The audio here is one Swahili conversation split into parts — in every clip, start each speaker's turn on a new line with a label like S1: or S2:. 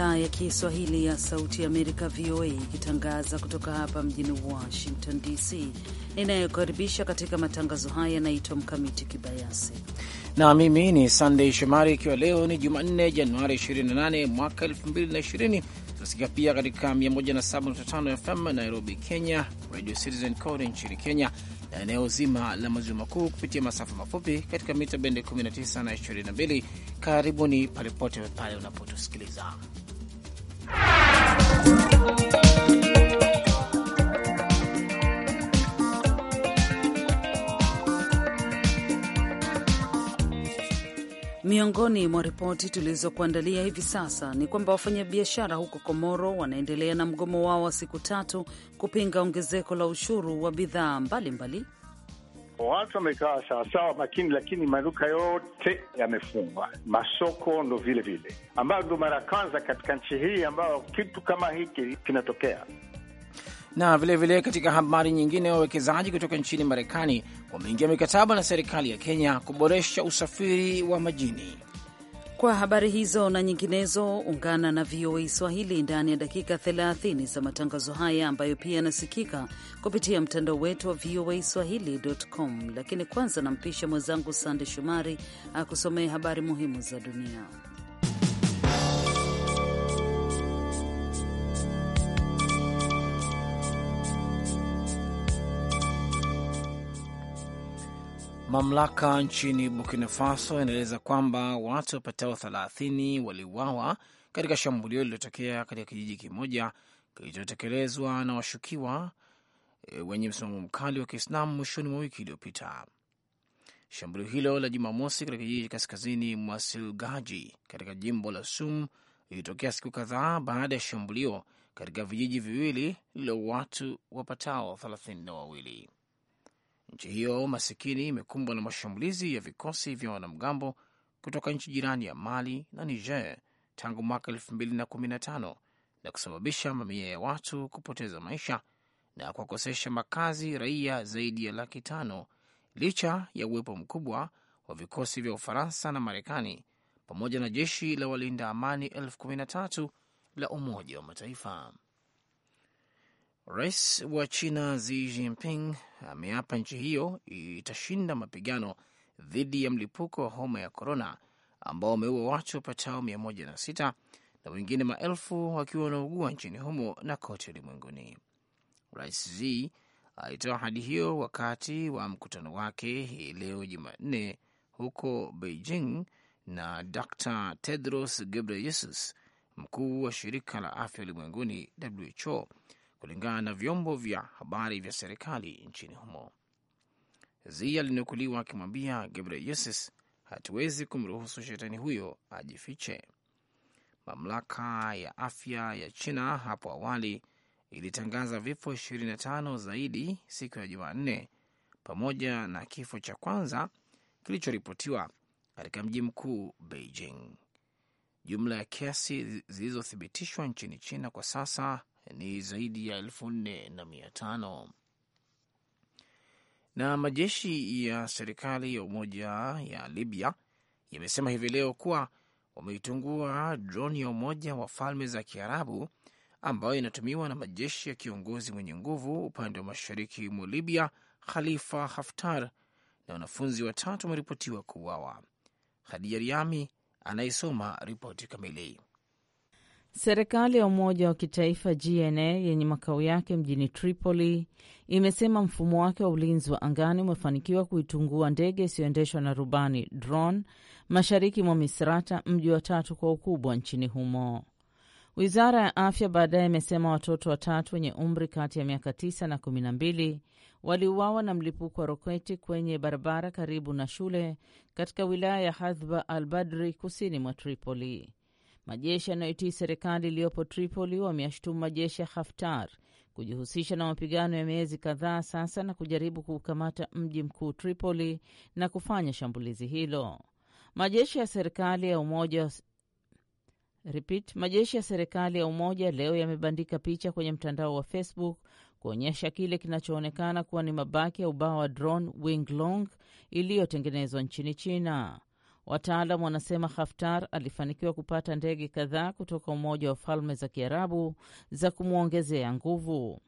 S1: idhaa ya Kiswahili ya Sauti ya Amerika, VOA, ikitangaza kutoka hapa mjini Washington DC. Ninayokaribisha katika matangazo haya
S2: yanaitwa Mkamiti Kibayasi na mimi ni Sandey Shomari, ikiwa leo ni Jumanne Januari 28 mwaka 2020. tunasikika pia katika 107.5 FM Nairobi, Kenya, Radio Citizen Code nchini Kenya na eneo zima la maziwa makuu kupitia masafa mafupi katika mita bende 19 na 22. Karibuni palipote pale unapotusikiliza
S1: Miongoni mwa ripoti tulizokuandalia hivi sasa ni kwamba wafanyabiashara huko Komoro wanaendelea na mgomo wao wa siku tatu kupinga ongezeko la ushuru wa bidhaa mbalimbali
S3: watu wamekaa sawasawa makini, lakini maduka yote yamefungwa, masoko ndo vile vile, ambayo ndo mara ya kwanza katika nchi hii ambayo kitu kama hiki kinatokea
S2: na vilevile vile katika habari nyingine, wawekezaji kutoka nchini Marekani wameingia mikataba na serikali ya Kenya kuboresha usafiri wa majini. Kwa habari
S1: hizo na nyinginezo, ungana na VOA Swahili ndani ya dakika 30 za matangazo haya ambayo pia yanasikika kupitia mtandao wetu wa VOA Swahili.com. Lakini kwanza nampisha mwenzangu Sande Shomari akusomee habari muhimu za dunia.
S2: Mamlaka nchini Burkina Faso yanaeleza kwamba watu wapatao 30 waliuawa katika shambulio lililotokea katika kijiji kimoja kilichotekelezwa na washukiwa e, wenye msimamo mkali wa Kiislamu mwishoni mwa wiki iliyopita. Shambulio hilo la Jumamosi katika kijiji kaskazini mwa Silgaji katika jimbo la Sum lilitokea siku kadhaa baada ya shambulio katika vijiji viwili lilo watu wapatao thelathini na wawili. Nchi hiyo masikini imekumbwa na mashambulizi ya vikosi vya wanamgambo kutoka nchi jirani ya Mali na Niger tangu mwaka 215 na na kusababisha mamia ya watu kupoteza maisha na kuwakosesha makazi raia zaidi ya laki tano licha ya uwepo mkubwa wa vikosi vya Ufaransa na Marekani pamoja na jeshi la walinda amani elfu kumi na tatu la Umoja wa Mataifa. Rais wa China Xi Jinping ameapa nchi hiyo itashinda mapigano dhidi ya mlipuko wa homa ya korona ambao wameua watu wapatao 106 na wengine maelfu wakiwa wanaugua nchini humo na kote ulimwenguni. Rais Z alitoa ahadi hiyo wakati wa mkutano wake hii leo Jumanne huko Beijing na Dr Tedros Gebreyesus, mkuu wa shirika la afya ulimwenguni WHO, kulingana na vyombo vya habari vya serikali nchini humo. Zia alinukuliwa akimwambia Gebreyesus, hatuwezi kumruhusu shetani huyo ajifiche. Mamlaka ya afya ya China hapo awali ilitangaza vifo 25 zaidi siku ya Jumanne, pamoja na kifo cha kwanza kilichoripotiwa katika mji mkuu Beijing. Jumla ya kesi zilizothibitishwa nchini China kwa sasa ni zaidi ya elfu nne na mia tano. Na majeshi ya serikali ya umoja ya Libya yamesema hivi leo kuwa wameitungua droni ya Umoja wa Falme za Kiarabu ambayo inatumiwa na majeshi ya kiongozi mwenye nguvu upande wa mashariki mwa Libya, Khalifa Haftar, na wanafunzi watatu wameripotiwa kuuawa. Khadija Riami anayesoma ripoti kamili.
S4: Serikali ya umoja wa kitaifa GNA yenye makao yake mjini Tripoli imesema mfumo wake wa ulinzi wa angani umefanikiwa kuitungua ndege isiyoendeshwa na rubani drone mashariki mwa Misrata, mji wa tatu kwa ukubwa nchini humo. Wizara ya afya baadaye imesema watoto watatu wenye umri kati ya miaka 9 na 12 waliuawa na mlipuko wa roketi kwenye barabara karibu na shule katika wilaya ya Hadhba al Badri, kusini mwa Tripoli. Majeshi yanayoitii serikali iliyopo Tripoli wameyashutumu majeshi ya Haftar kujihusisha na mapigano ya miezi kadhaa sasa na kujaribu kuukamata mji mkuu Tripoli na kufanya shambulizi hilo. Majeshi ya serikali ya umoja Repeat, majeshi ya serikali ya umoja leo yamebandika picha kwenye mtandao wa Facebook kuonyesha kile kinachoonekana kuwa ni mabaki ya ubao wa drone Winglong iliyotengenezwa nchini China. Wataalam wanasema Haftar alifanikiwa kupata ndege kadhaa kutoka Umoja wa Falme za Kiarabu za kumwongezea nguvu.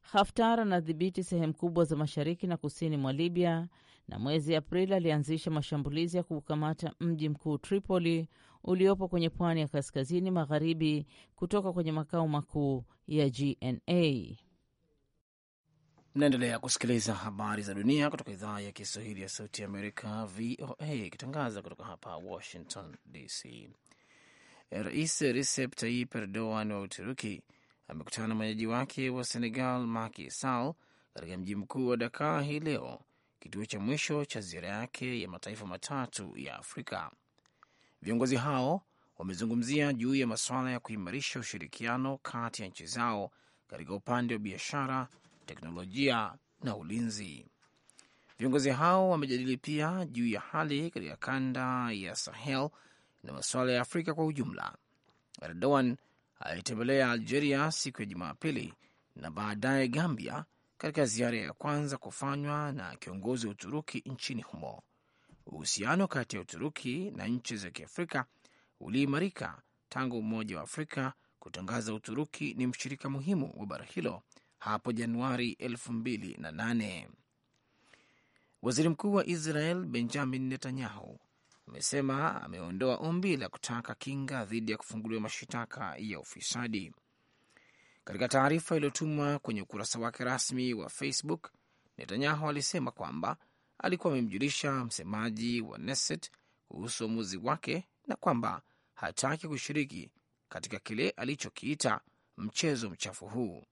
S4: Haftar anadhibiti sehemu kubwa za mashariki na kusini mwa Libya na mwezi Aprili alianzisha mashambulizi ya kuukamata mji mkuu Tripoli uliopo kwenye pwani ya kaskazini magharibi kutoka kwenye makao makuu ya GNA.
S2: Mnaendelea kusikiliza habari za dunia kutoka idhaa ya Kiswahili ya Sauti ya Amerika, VOA, ikitangaza kutoka hapa Washington DC. Rais Recep Tayyip Erdogan wa Uturuki amekutana na mwenyeji wake wa Senegal, Macky Sall, katika mji mkuu wa Dakar hii leo, kituo cha mwisho cha ziara yake ya mataifa matatu ya Afrika. Viongozi hao wamezungumzia juu ya masuala ya kuimarisha ushirikiano kati ya nchi zao katika upande wa biashara teknolojia na ulinzi. Viongozi hao wamejadili pia juu ya hali katika kanda ya Sahel na masuala ya Afrika kwa ujumla. Erdogan alitembelea Algeria siku ya Jumapili na baadaye Gambia katika ziara ya kwanza kufanywa na kiongozi wa Uturuki nchini humo. Uhusiano kati ya Uturuki na nchi za Kiafrika uliimarika tangu Umoja wa Afrika kutangaza Uturuki ni mshirika muhimu wa bara hilo hapo Januari 2008. Waziri mkuu wa Israel Benjamin Netanyahu amesema ameondoa ombi la kutaka kinga dhidi ya kufunguliwa mashitaka ya ufisadi. Katika taarifa iliyotumwa kwenye ukurasa wake rasmi wa Facebook, Netanyahu alisema kwamba alikuwa amemjulisha msemaji wa Knesset kuhusu uamuzi wake na kwamba hataki kushiriki katika kile alichokiita mchezo mchafu huu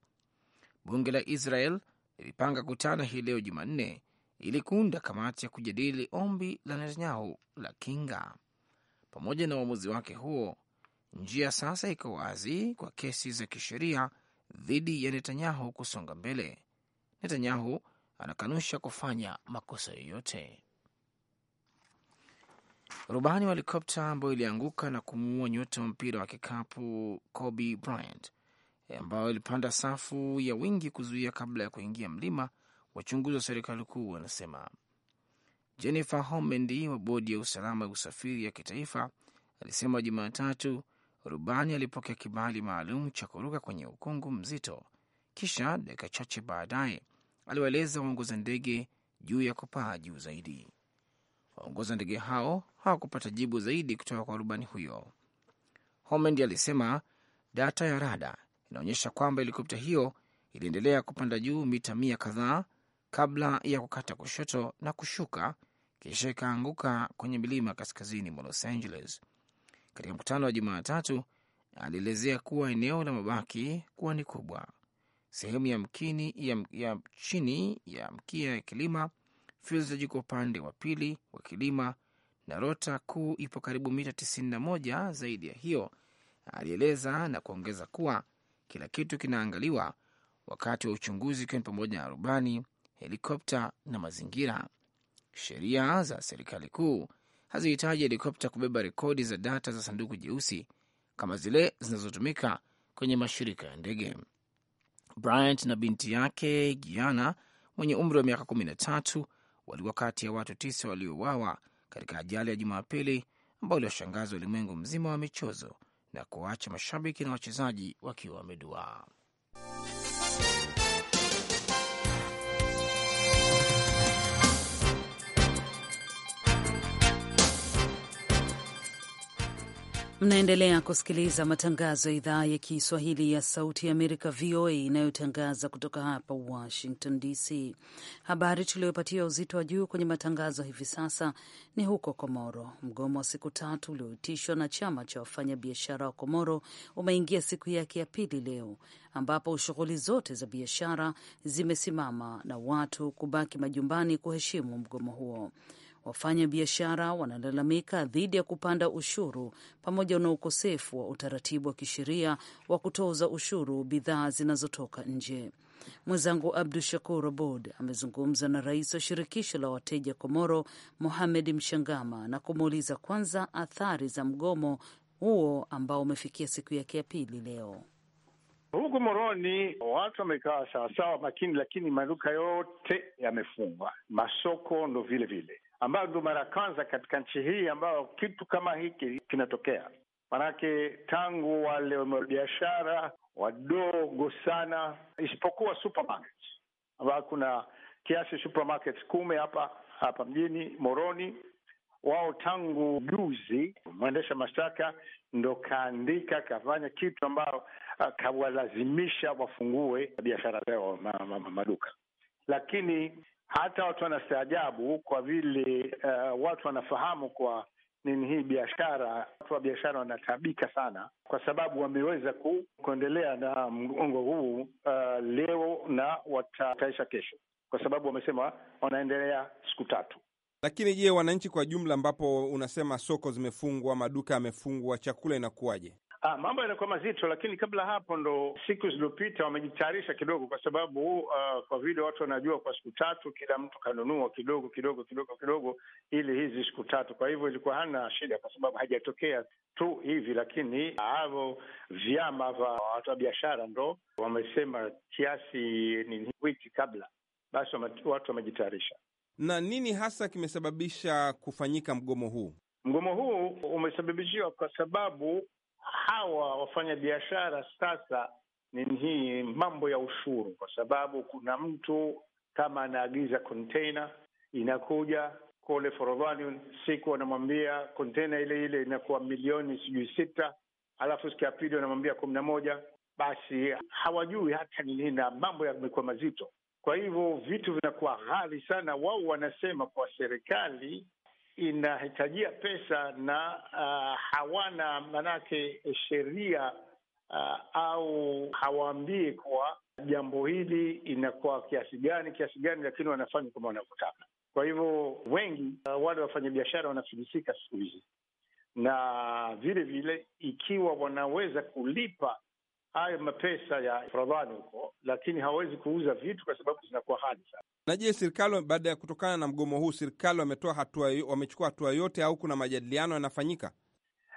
S2: bunge la Israel lilipanga kutana hii leo Jumanne ili kuunda kamati ya kujadili ombi la Netanyahu la kinga. Pamoja na uamuzi wake huo, njia sasa iko wazi kwa kesi za kisheria dhidi ya Netanyahu kusonga mbele. Netanyahu anakanusha kufanya makosa yoyote. Rubani wa helikopta ambayo ilianguka na kumuua nyota wa mpira wa kikapu Kobe Bryant ambayo ilipanda safu ya wingi kuzuia kabla ya kuingia mlima, wachunguzi wa serikali kuu wanasema. Jennifer Homendi wa bodi ya usalama ya usafiri ya kitaifa alisema Jumatatu rubani alipokea kibali maalum cha kuruka kwenye ukungu mzito, kisha dakika chache baadaye aliwaeleza waongoza ndege juu ya kupaa juu zaidi. Waongoza ndege hao hawakupata jibu zaidi kutoka kwa rubani huyo. Homendi alisema data ya rada inaonyesha kwamba helikopta hiyo iliendelea kupanda juu mita mia kadhaa kabla ya kukata kushoto na kushuka, kisha ikaanguka kwenye milima kaskazini mwa Los Angeles. Katika mkutano wa Jumatatu alielezea kuwa eneo la mabaki kuwa ni kubwa. Sehemu ya mkini, ya, ya chini ya mkia ya kilima Fields iko upande wa pili wa kilima na rota kuu ipo karibu mita 91 zaidi ya hiyo, alieleza na kuongeza kuwa kila kitu kinaangaliwa wakati wa uchunguzi, ikiwa ni pamoja na rubani, helikopta na mazingira. Sheria za serikali kuu hazihitaji helikopta kubeba rekodi za data za sanduku jeusi kama zile zinazotumika kwenye mashirika ya ndege. Bryant na binti yake Giana mwenye umri wa miaka kumi na tatu walikuwa kati ya watu tisa waliouawa katika ajali ya Jumapili ambao iliwashangaza ulimwengu mzima wa michezo na kuwaacha mashabiki na wachezaji wakiwa wameduaa.
S1: Mnaendelea kusikiliza matangazo ya idhaa ya Kiswahili ya Sauti ya Amerika, VOA, inayotangaza kutoka hapa Washington DC. Habari tuliyopatia uzito wa juu kwenye matangazo hivi sasa ni huko Komoro. Mgomo wa siku tatu ulioitishwa na chama cha wafanyabiashara wa Komoro umeingia siku yake ya pili leo, ambapo shughuli zote za biashara zimesimama na watu kubaki majumbani kuheshimu mgomo huo. Wafanya biashara wanalalamika dhidi ya kupanda ushuru pamoja na ukosefu wa utaratibu wa kisheria wa kutoza ushuru bidhaa zinazotoka nje. Mwenzangu Abdu Shakur Abod amezungumza na rais wa shirikisho la wateja Komoro, Mohamed Mshangama, na kumuuliza kwanza athari za mgomo huo ambao umefikia siku yake ya pili leo.
S3: Huku Moroni watu wamekaa sawasawa makini, lakini maduka yote yamefungwa, masoko ndo vile vile ambayo ndio mara ya kwanza katika nchi hii ambayo kitu kama hiki kinatokea. Manake tangu wale wamebiashara wadogo sana, isipokuwa supermarkets ambayo kuna kiasi supermarkets kumi hapa hapa mjini Moroni. Wao tangu juzi mwendesha mashtaka ndo kaandika kafanya kitu ambayo ah, kawalazimisha wafungue biashara zao maduka, lakini hata watu wanastaajabu kwa vile uh, watu wanafahamu kwa nini hii biashara. Watu wa biashara wanataabika sana, kwa sababu wameweza ku, kuendelea na mgongo huu uh, leo na watataisha kesho, kwa sababu wamesema wanaendelea siku tatu.
S5: Lakini je, wananchi kwa jumla, ambapo unasema soko zimefungwa, maduka yamefungwa, chakula inakuwaje?
S3: Ah, mambo yanakuwa mazito, lakini kabla hapo ndo siku zilizopita wamejitayarisha kidogo, kwa sababu uh, kwa vile watu wanajua kwa siku tatu kila mtu kanunua kidogo kidogo kidogo kidogo, ili hizi siku tatu. Kwa hivyo ilikuwa hana shida, kwa sababu hajatokea tu hivi, lakini hao vyama vya watu wa biashara ndo wamesema kiasi ni wiki kabla, basi watu wamejitayarisha.
S5: Na nini hasa kimesababisha kufanyika mgomo huu?
S3: Mgomo huu umesababishiwa kwa sababu hawa wafanyabiashara sasa ni hii mambo ya ushuru, kwa sababu kuna mtu kama anaagiza kontena inakuja kule Forodhani, siku wanamwambia kontena ile ile inakuwa milioni sijui sita, alafu siku ya pili wanamwambia kumi na moja. Basi hawajui hata ni nini, na mambo yamekuwa mazito. Kwa hivyo vitu vinakuwa ghali sana. Wao wanasema kwa serikali inahitajia pesa na uh, hawana manake sheria uh, au hawaambii kuwa jambo hili inakuwa kiasi gani kiasi gani, lakini wanafanya kama wanavyotaka. Kwa hivyo wengi uh, wale wafanyabiashara wanafilisika siku hizi, na vile vile ikiwa wanaweza kulipa hayo mapesa ya Forodhani huko, lakini hawawezi kuuza vitu kwa sababu zinakuwa hali sana.
S5: Na je, serikali baada ya kutokana na mgomo huu, serikali wametoa hatua, wamechukua hatua yote au kuna majadiliano yanafanyika?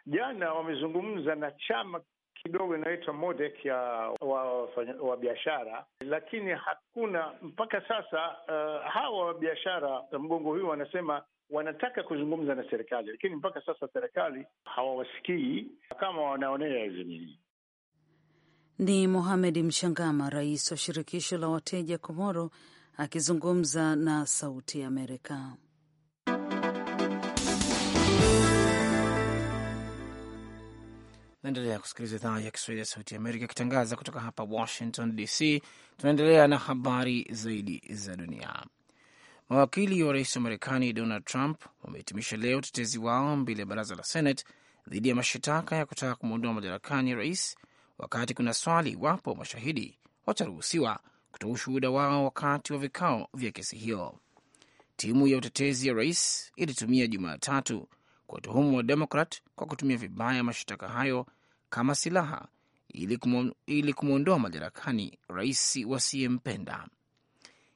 S3: Jana wamezungumza na chama kidogo inaitwa MODEK ya wa, wa biashara, lakini hakuna mpaka sasa. Uh, hawa wa biashara mgongo huu wanasema wanataka kuzungumza na serikali, lakini mpaka sasa serikali hawawasikii kama wanaonea nini
S1: ni Mohamed Mshangama, rais wa shirikisho la wateja Komoro, akizungumza na Sauti ya Amerika.
S2: Naendelea kusikiliza idhaa ya Kiswahili ya Sauti ya Amerika ikitangaza kutoka hapa Washington DC. Tunaendelea na habari zaidi za dunia. Mawakili wa rais wa Marekani Donald Trump wamehitimisha leo utetezi wao mbele ya baraza la Senate dhidi ya mashitaka ya kutaka kumwondoa madarakani rais wakati kuna swali iwapo mashahidi wataruhusiwa kutoa ushuhuda wao wakati wa vikao vya kesi hiyo. Timu ya utetezi ya rais ilitumia Jumatatu kuwatuhumu wa Demokrat kwa kutumia vibaya mashtaka hayo kama silaha ili kumwondoa madarakani rais wasiyempenda.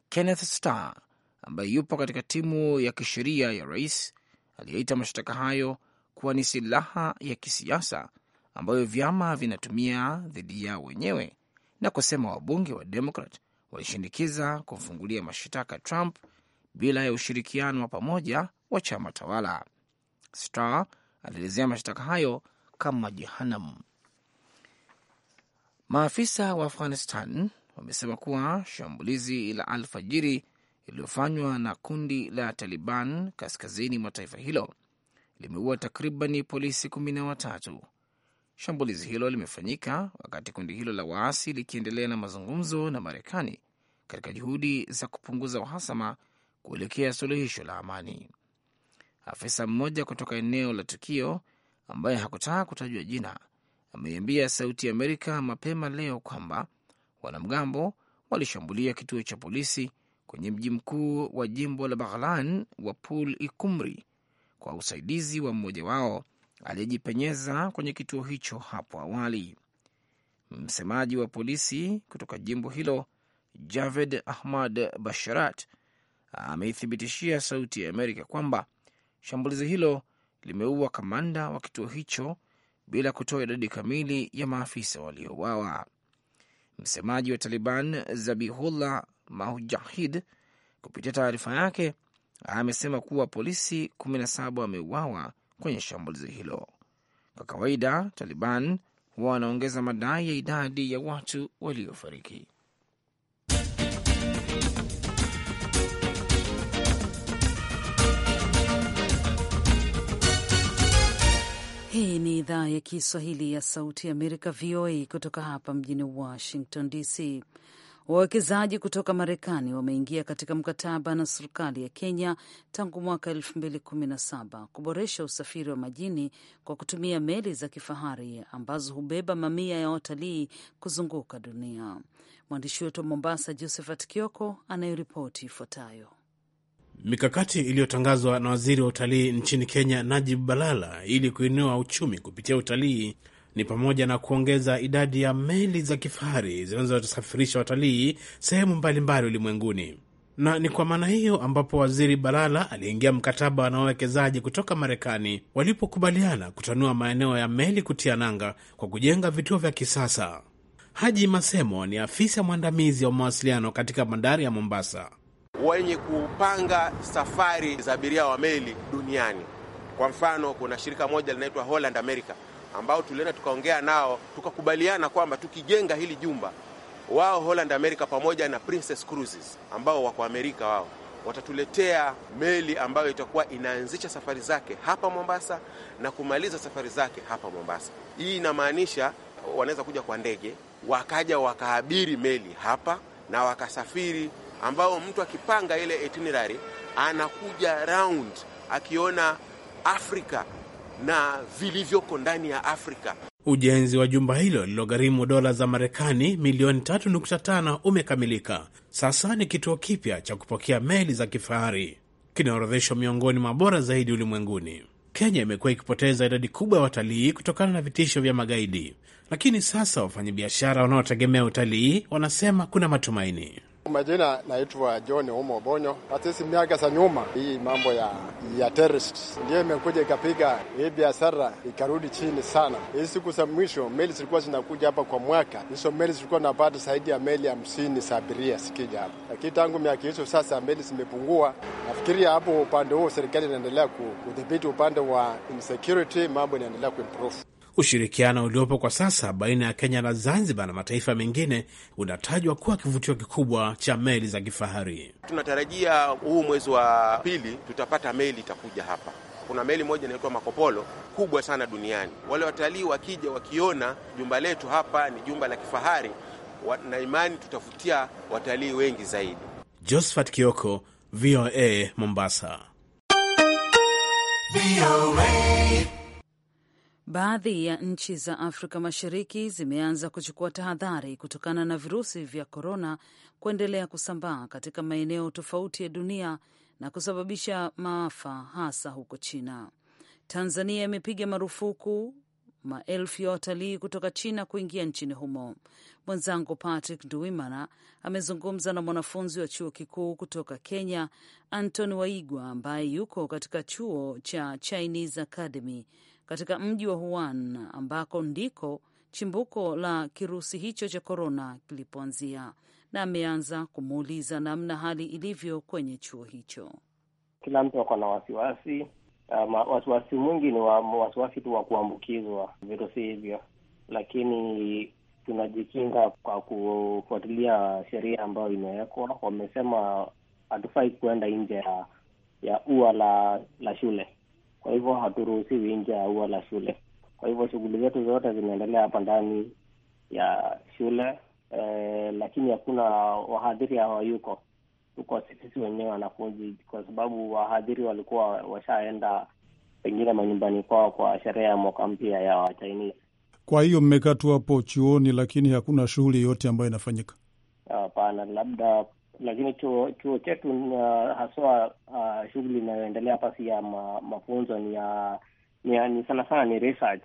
S2: Kenneth Starr ambaye yupo katika timu ya kisheria ya rais aliyeita mashtaka hayo kuwa ni silaha ya kisiasa ambayo vyama vinatumia dhidi yao wenyewe na kusema wabunge wa Demokrat walishinikiza kumfungulia mashtaka Trump bila ya ushirikiano wa pamoja wa chama tawala. Star alielezea mashtaka hayo kama jehanam. Maafisa wa Afghanistan wamesema kuwa shambulizi la alfajiri iliyofanywa na kundi la Taliban kaskazini mwa taifa hilo limeua takribani polisi kumi na watatu Shambulizi hilo limefanyika wakati kundi hilo la waasi likiendelea na mazungumzo na Marekani katika juhudi za kupunguza uhasama kuelekea suluhisho la amani. Afisa mmoja kutoka eneo la tukio ambaye hakutaka kutajwa jina ameiambia Sauti ya Amerika mapema leo kwamba wanamgambo walishambulia kituo cha polisi kwenye mji mkuu wa jimbo la Baghlan wa Pul Ikumri kwa usaidizi wa mmoja wao aliyejipenyeza kwenye kituo hicho hapo awali. Msemaji wa polisi kutoka jimbo hilo Javed Ahmad Basharat ameithibitishia Sauti ya Amerika kwamba shambulizi hilo limeua kamanda wa kituo hicho bila kutoa idadi kamili ya maafisa waliouawa. Msemaji wa Taliban Zabihullah Mujahid kupitia taarifa yake amesema kuwa polisi 17 wameuawa kwenye shambulizi hilo. Kwa kawaida, Taliban huwa wanaongeza madai ya idadi ya watu waliofariki.
S1: Hii ni idhaa ya Kiswahili ya Sauti ya Amerika, VOA, kutoka hapa mjini Washington DC. Wawekezaji kutoka Marekani wameingia katika mkataba na serikali ya Kenya tangu mwaka 2017 kuboresha usafiri wa majini kwa kutumia meli za kifahari ambazo hubeba mamia ya watalii kuzunguka dunia. Mwandishi wetu wa Mombasa, Josephat Kioko, anayeripoti ifuatayo.
S6: Mikakati iliyotangazwa na waziri wa utalii nchini Kenya, Najib Balala, ili kuinua uchumi kupitia utalii ni pamoja na kuongeza idadi ya meli za kifahari zinazosafirisha watalii sehemu mbalimbali ulimwenguni. Na ni kwa maana hiyo ambapo Waziri Balala aliingia mkataba na wawekezaji kutoka Marekani walipokubaliana kutanua maeneo ya meli kutia nanga kwa kujenga vituo vya kisasa. Haji Masemo ni afisa mwandamizi wa mawasiliano katika bandari ya Mombasa.
S5: wenye kupanga safari za abiria wa meli duniani, kwa mfano kuna shirika moja linaitwa Holland America ambao tulienda tukaongea nao tukakubaliana kwamba tukijenga hili jumba wao Holland America pamoja na Princess Cruises ambao wako Amerika wao watatuletea meli ambayo itakuwa inaanzisha safari zake hapa Mombasa na kumaliza safari zake hapa Mombasa. Hii inamaanisha wanaweza kuja kwa ndege wakaja wakaabiri meli hapa na wakasafiri, ambao mtu akipanga ile itinerary anakuja round akiona Afrika na vilivyoko ndani ya Afrika.
S6: Ujenzi wa jumba hilo lilogharimu dola za Marekani milioni 3.5 umekamilika. Sasa ni kituo kipya cha kupokea meli za kifahari, kinaorodheshwa miongoni mwa bora zaidi ulimwenguni. Kenya imekuwa ikipoteza idadi kubwa ya watalii kutokana na vitisho vya magaidi, lakini sasa wafanyabiashara wanaotegemea utalii wanasema kuna matumaini.
S7: Majina naitwa John Umo Bonyo. Sisi miaka za nyuma, hii mambo ya ya terrorist ndio imekuja ikapiga hii biashara ikarudi chini sana. Hii siku za mwisho meli zilikuwa zinakuja hapa kwa mwaka, hizo meli zilikuwa napata zaidi ya meli hamsini za abiria sikija hapa, lakini tangu miaka hizo sasa meli zimepungua. Nafikiria hapo upande huo serikali inaendelea kudhibiti upande wa insecurity, mambo inaendelea kuimprove.
S6: Ushirikiano uliopo kwa sasa baina ya Kenya na Zanzibar na mataifa mengine unatajwa kuwa kivutio kikubwa cha meli za kifahari.
S5: Tunatarajia huu mwezi wa pili tutapata meli itakuja hapa. Kuna meli moja inaitwa Makopolo, kubwa sana duniani. Wale watalii wakija, wakiona jumba letu hapa ni jumba la kifahari, na imani tutavutia watalii wengi zaidi.
S6: Josephat Kioko, VOA Mombasa.
S1: VOA. Baadhi ya nchi za Afrika Mashariki zimeanza kuchukua tahadhari kutokana na virusi vya korona kuendelea kusambaa katika maeneo tofauti ya dunia na kusababisha maafa hasa huko China. Tanzania imepiga marufuku maelfu ya watalii kutoka China kuingia nchini humo. Mwenzangu Patrick nduimana amezungumza na mwanafunzi wa chuo kikuu kutoka Kenya, Anton Waigwa, ambaye yuko katika chuo cha Chinese Academy katika mji wa Wuhan ambako ndiko chimbuko la kirusi hicho cha korona kilipoanzia, na ameanza kumuuliza namna hali ilivyo kwenye chuo hicho.
S8: Kila mtu ako na wasiwasi um, wasiwasi mwingi ni wasiwasi tu wa kuambukizwa virusi hivyo, lakini tunajikinga kwa kufuatilia sheria ambayo imewekwa. Wamesema hatufai kuenda nje ya ya ua la la shule kwa hivyo haturuhusiwi nje ya ua la shule. Kwa hivyo shughuli zetu zote zinaendelea hapa ndani ya shule e, lakini hakuna wahadhiri, hawayuko, tuko sisi wenyewe wanafunzi, kwa sababu wahadhiri walikuwa washaenda pengine manyumbani kwao kwa, sherehe ya mwaka mpya ya Wachaini.
S7: Kwa hiyo mmekaa tu hapo chuoni, lakini hakuna shughuli yoyote ambayo inafanyika?
S8: Hapana, labda lakini chuo chuo chetu uh, haswa uh, shughuli inayoendelea pasi ya ma, mafunzo ni ya ni, ni sana sana ni research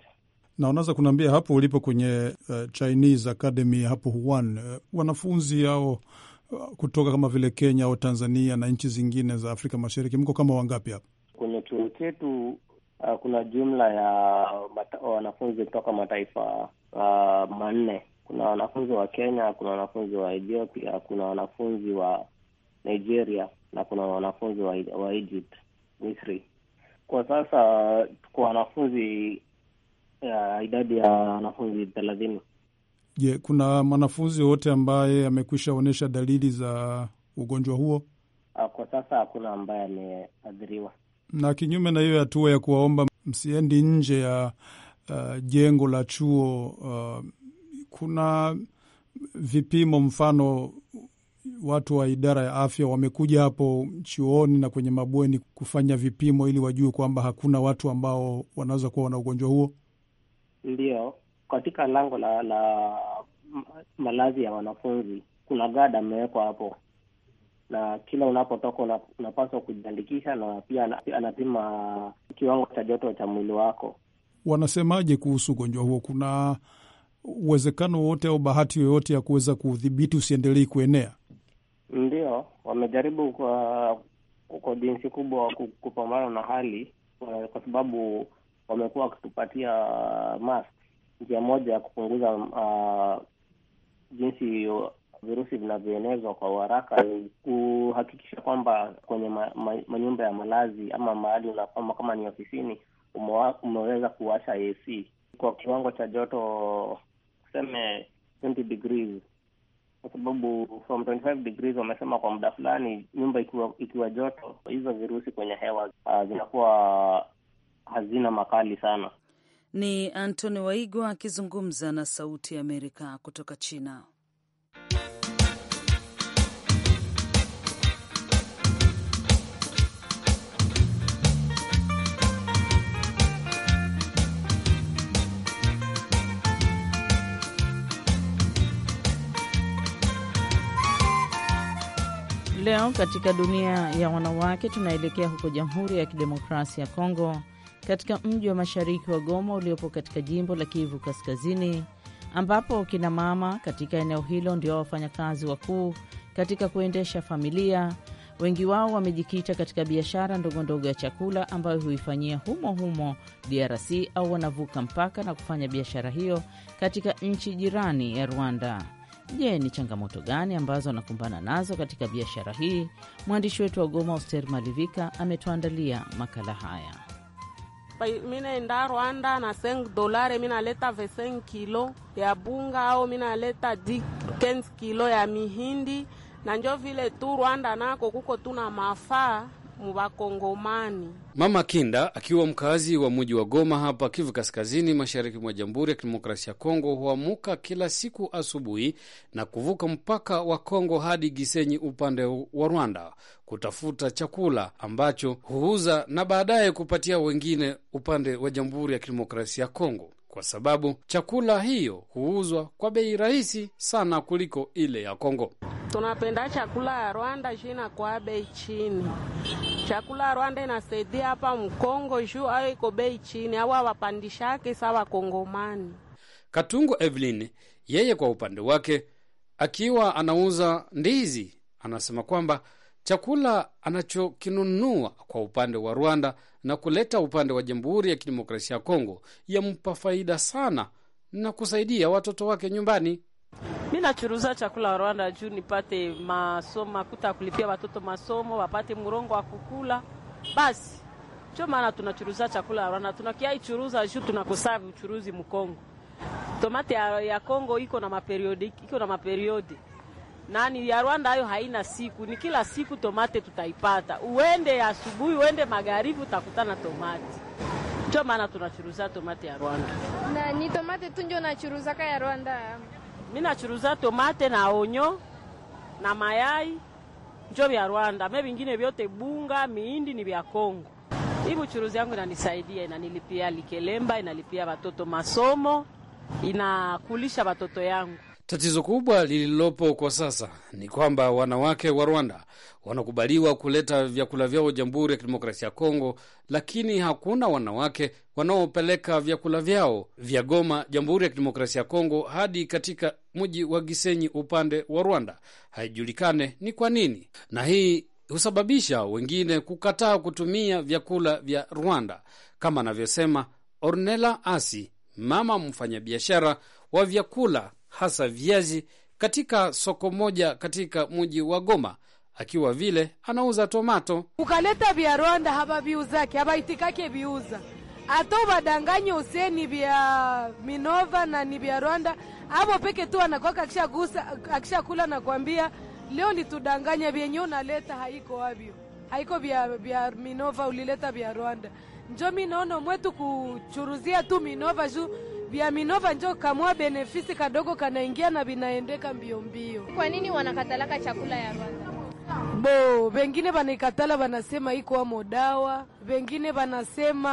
S7: na unaweza kuniambia hapo ulipo kwenye uh, Chinese Academy hapo Wuhan, uh, wanafunzi hao uh, kutoka kama vile Kenya au Tanzania na nchi zingine za Afrika Mashariki, mko kama wangapi hapo
S8: kwenye chuo chetu? Uh, kuna jumla ya wanafunzi kutoka mataifa uh, manne kuna wanafunzi wa Kenya, kuna wanafunzi wa Ethiopia, kuna wanafunzi wa Nigeria na kuna wanafunzi wa, wa Egypt, Misri. Kwa sasa tuko wanafunzi uh, idadi ya wanafunzi thelathini.
S7: Je, yeah, kuna mwanafunzi wowote ambaye amekwisha onyesha dalili za ugonjwa huo?
S8: Uh, kwa sasa hakuna ambaye ameathiriwa.
S7: Na kinyume na hiyo hatua ya kuwaomba msiendi nje ya uh, jengo la chuo uh, kuna vipimo, mfano watu wa idara ya afya wamekuja hapo chuoni na kwenye mabweni kufanya vipimo ili wajue kwamba hakuna watu ambao wanaweza kuwa wana ugonjwa huo?
S8: ndio katika lango la, la malazi ya wanafunzi kuna gada amewekwa hapo, na kila unapotoka unapaswa kujiandikisha, na pia anapima kiwango cha joto cha mwili wako.
S7: Wanasemaje kuhusu ugonjwa huo? Kuna uwezekano wowote au bahati yoyote ya kuweza kudhibiti usiendelei kuenea?
S8: Ndio, wamejaribu kwa kwa jinsi kubwa kupambana na hali, kwa sababu wamekuwa wakitupatia mask, njia moja ya kupunguza uh, jinsi virusi vinavyoenezwa kwa uharaka ni kuhakikisha kwamba kwenye ma, ma, manyumba ya malazi ama mahali unakwama kama ni ofisini, umeweza kuwasha AC kwa kiwango cha joto tuseme 20 degrees kwa sababu from 25 degrees wamesema kwa muda fulani nyumba ikiwa ikiwa joto, hizo virusi kwenye hewa uh, zinakuwa hazina makali sana.
S1: Ni Antony Waigwa akizungumza na Sauti ya Amerika kutoka China.
S4: leo katika dunia ya wanawake, tunaelekea huko Jamhuri ya Kidemokrasia ya Kongo, katika mji wa mashariki wa Goma uliopo katika jimbo la Kivu Kaskazini, ambapo kina mama katika eneo hilo ndio wafanyakazi wakuu katika kuendesha familia. Wengi wao wamejikita katika biashara ndogondogo ya chakula ambayo huifanyia humo humo DRC au wanavuka mpaka na kufanya biashara hiyo katika nchi jirani ya Rwanda. Je, ni changamoto gani ambazo anakumbana nazo katika biashara hii? Mwandishi wetu wa Goma, Oster Malivika, ametuandalia makala haya. Minaenda Rwanda na 5 dolare minaleta 25 kilo ya bunga au minaleta 15 kilo ya mihindi na njo vile tu Rwanda nako kuko tuna mafaa mubakongomani.
S9: Mama Kinda akiwa mkazi wa muji wa Goma hapa Kivu Kaskazini, mashariki mwa Jamhuri ya Kidemokrasia ya Kongo, huamuka kila siku asubuhi na kuvuka mpaka wa Kongo hadi Gisenyi upande wa Rwanda kutafuta chakula ambacho huuza na baadaye kupatia wengine upande wa Jamhuri ya Kidemokrasia ya Kongo kwa sababu chakula hiyo huuzwa kwa bei rahisi sana kuliko ile ya Kongo.
S4: Tunapenda chakula ya Rwanda shina kwa bei chini. Chakula ya Rwanda inasaidia hapa Mkongo juu ayo iko bei chini, au awapandishake sawa Kongomani.
S9: katungu Evelyn yeye kwa upande wake, akiwa anauza ndizi, anasema kwamba chakula anachokinunua kwa upande wa Rwanda na kuleta upande wa Jamhuri ya Kidemokrasia ya Kongo yampa faida sana na kusaidia watoto wake nyumbani.
S4: Mi nachuruza chakula Rwanda juu nipate masomo, makuta kulipia watoto masomo, wapate mrongo wa kukula. Basi cho maana tunachuruza chakula Rwanda, churuza juu tunakosavi uchuruzi Mkongo. Tomate ya, ya Kongo iko na maperiodi, iko na maperiodi nani ya Rwanda hayo haina siku, ni kila siku tomate tutaipata. Uende asubuhi, uende magharibi, utakutana tomate. Ndio maana tunachuruza tomate ya Rwanda,
S10: na ni tomate tu ndio nachuruza ya Rwanda.
S4: Mimi nachuruza tomate na onyo na mayai njo vya Rwanda, Mimi vingine vyote bunga miindi ni vya Kongo. Hii buchuruzi yangu inanisaidia, inanilipia likelemba, inalipia watoto masomo, inakulisha watoto yangu.
S9: Tatizo kubwa lililopo kwa sasa ni kwamba wanawake wa Rwanda wanakubaliwa kuleta vyakula vyao Jamhuri ya Kidemokrasia ya Kongo, lakini hakuna wanawake wanaopeleka vyakula vyao vya Goma, Jamhuri ya Kidemokrasia ya Kongo, hadi katika mji wa Gisenyi upande wa Rwanda. Haijulikane ni kwa nini, na hii husababisha wengine kukataa kutumia vyakula vya Rwanda, kama anavyosema Ornella Asi, mama mfanyabiashara wa vyakula hasa viazi katika soko moja katika mji wa Goma, akiwa vile anauza tomato.
S10: Ukaleta vya Rwanda haba viuzake haba itikake viuza ato badanganye usie ni vya Minova na ni vya Rwanda avo peke tu anakwaka akishagusa akishakula nakwambia leo litudanganya vyenye unaleta haiko avyo haiko vya vya Minova ulileta vya Rwanda njo naona mwetu kuchuruzia tu Minova juu vya Minova njo kamwa benefisi kadogo kanaingia na vinaendeka mbio mbio. Kwa nini wanakatalaka chakula ya Rwanda? Bo, vengine vanaikatala vanasema iko amo dawa, vengine vanasema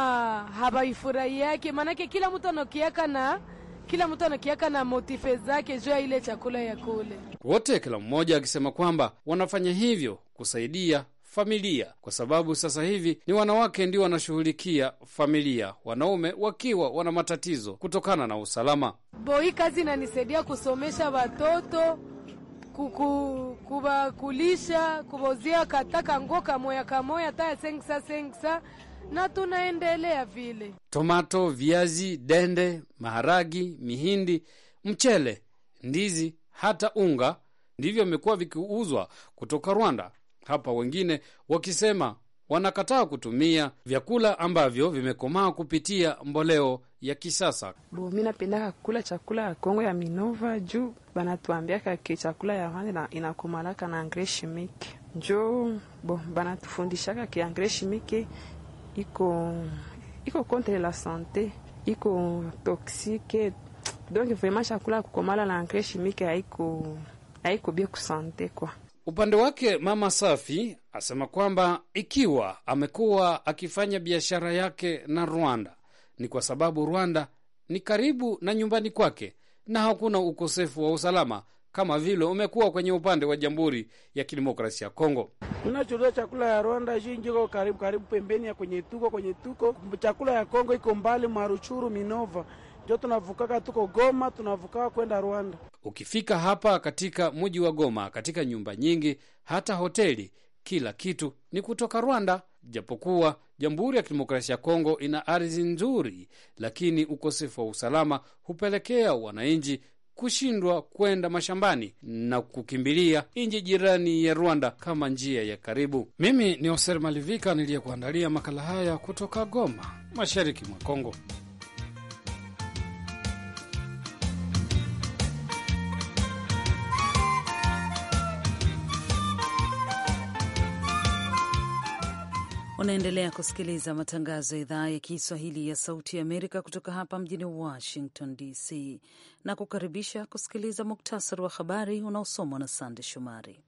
S10: habaifurahi yake, maanake kila mtu anakiaka na kila mtu anakiaka na motife zake juu ya ile chakula ya kule,
S9: wote kila mmoja akisema kwamba wanafanya hivyo kusaidia familia, kwa sababu sasa hivi ni wanawake ndio wanashughulikia familia, wanaume wakiwa wana matatizo kutokana na usalama.
S10: Bo, hii kazi inanisaidia kusomesha watoto kuku kubakulisha kubozia kataka nguo kamoya kamoya taya sengsa sengsa na tunaendelea vile.
S9: Tomato, viazi, dende, maharagi, mihindi, mchele, ndizi hata unga ndivyo vimekuwa vikiuzwa kutoka Rwanda hapa, wengine wakisema wanakataa kutumia vyakula ambavyo vimekomaa kupitia mboleo ya kisasa. Bo, mi napendaka kula
S4: chakula ya Kongo ya Minova juu banatuambiaka ke chakula ya Rwanda inakomalaka na engrais chimique, njo bo banatufundishaka ke engrais chimique
S9: iko iko contre la sante, iko toksike, donc vraimen chakula ya kukomala na engrais chimique haiko haiko bie kusante kwa Upande wake Mama Safi asema kwamba ikiwa amekuwa akifanya biashara yake na Rwanda ni kwa sababu Rwanda ni karibu na nyumbani kwake na hakuna ukosefu wa usalama kama vile umekuwa kwenye upande wa Jamhuri ya Kidemokrasia ya Kongo.
S6: Tunachuria chakula ya Rwanda shinjiko karibu karibu pembeni ya kwenye tuko kwenye tuko chakula ya Kongo iko mbali Maruchuru Minova ndio tunavukaka tuko Goma, tunavukaka kwenda Rwanda.
S9: Ukifika hapa katika mji wa Goma, katika nyumba nyingi, hata hoteli, kila kitu ni kutoka Rwanda. Japokuwa Jamhuri ya Kidemokrasia ya Kongo ina ardhi nzuri, lakini ukosefu wa usalama hupelekea wananchi kushindwa kwenda mashambani na kukimbilia nchi jirani ya Rwanda kama njia ya karibu. Mimi ni Oser Malivika niliyekuandalia makala haya kutoka Goma, mashariki mwa Kongo.
S1: Unaendelea kusikiliza matangazo ya idhaa ya Kiswahili ya Sauti ya Amerika kutoka hapa mjini Washington DC, na kukaribisha kusikiliza muktasari wa habari unaosomwa na Sande Shomari.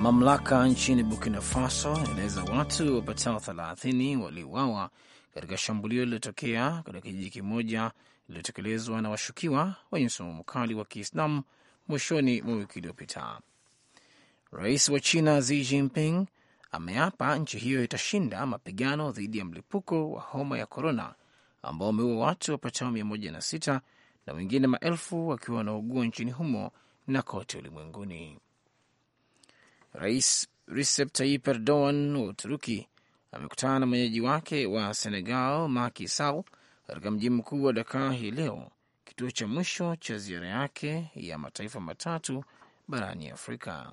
S2: Mamlaka nchini Burkina Faso inaeleza watu wapatao 30 waliuawa katika shambulio lililotokea katika kijiji kimoja lililotekelezwa na washukiwa wenye msimamo mkali wa Kiislamu mwishoni mwa wiki iliyopita. Rais wa China Xi Jinping ameapa nchi hiyo itashinda mapigano dhidi ya mlipuko wa homa ya korona ambao wameua watu wapatao 106 na wengine maelfu wakiwa wanaugua nchini humo na kote ulimwenguni. Rais Recep Tayyip Erdogan wa Uturuki amekutana na mwenyeji wake wa Senegal Macky Sall katika mji mkuu wa Dakar hii leo kituo cha mwisho cha ziara yake ya mataifa matatu barani Afrika.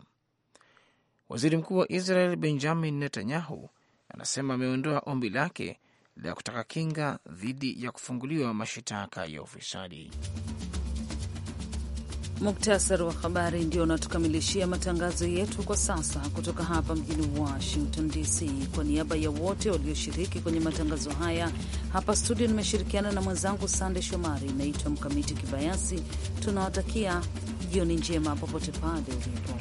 S2: Waziri mkuu wa Israel Benjamin Netanyahu anasema ameondoa ombi lake la kutaka kinga dhidi ya kufunguliwa mashitaka ya ufisadi.
S1: Muktasari wa habari ndio unatukamilishia matangazo yetu kwa sasa kutoka hapa mjini Washington DC. Kwa niaba ya wote walioshiriki kwenye matangazo haya hapa studio, nimeshirikiana na mwenzangu Sande Shomari. inaitwa Mkamiti Kibayasi. Tunawatakia jioni njema popote pale ulipo.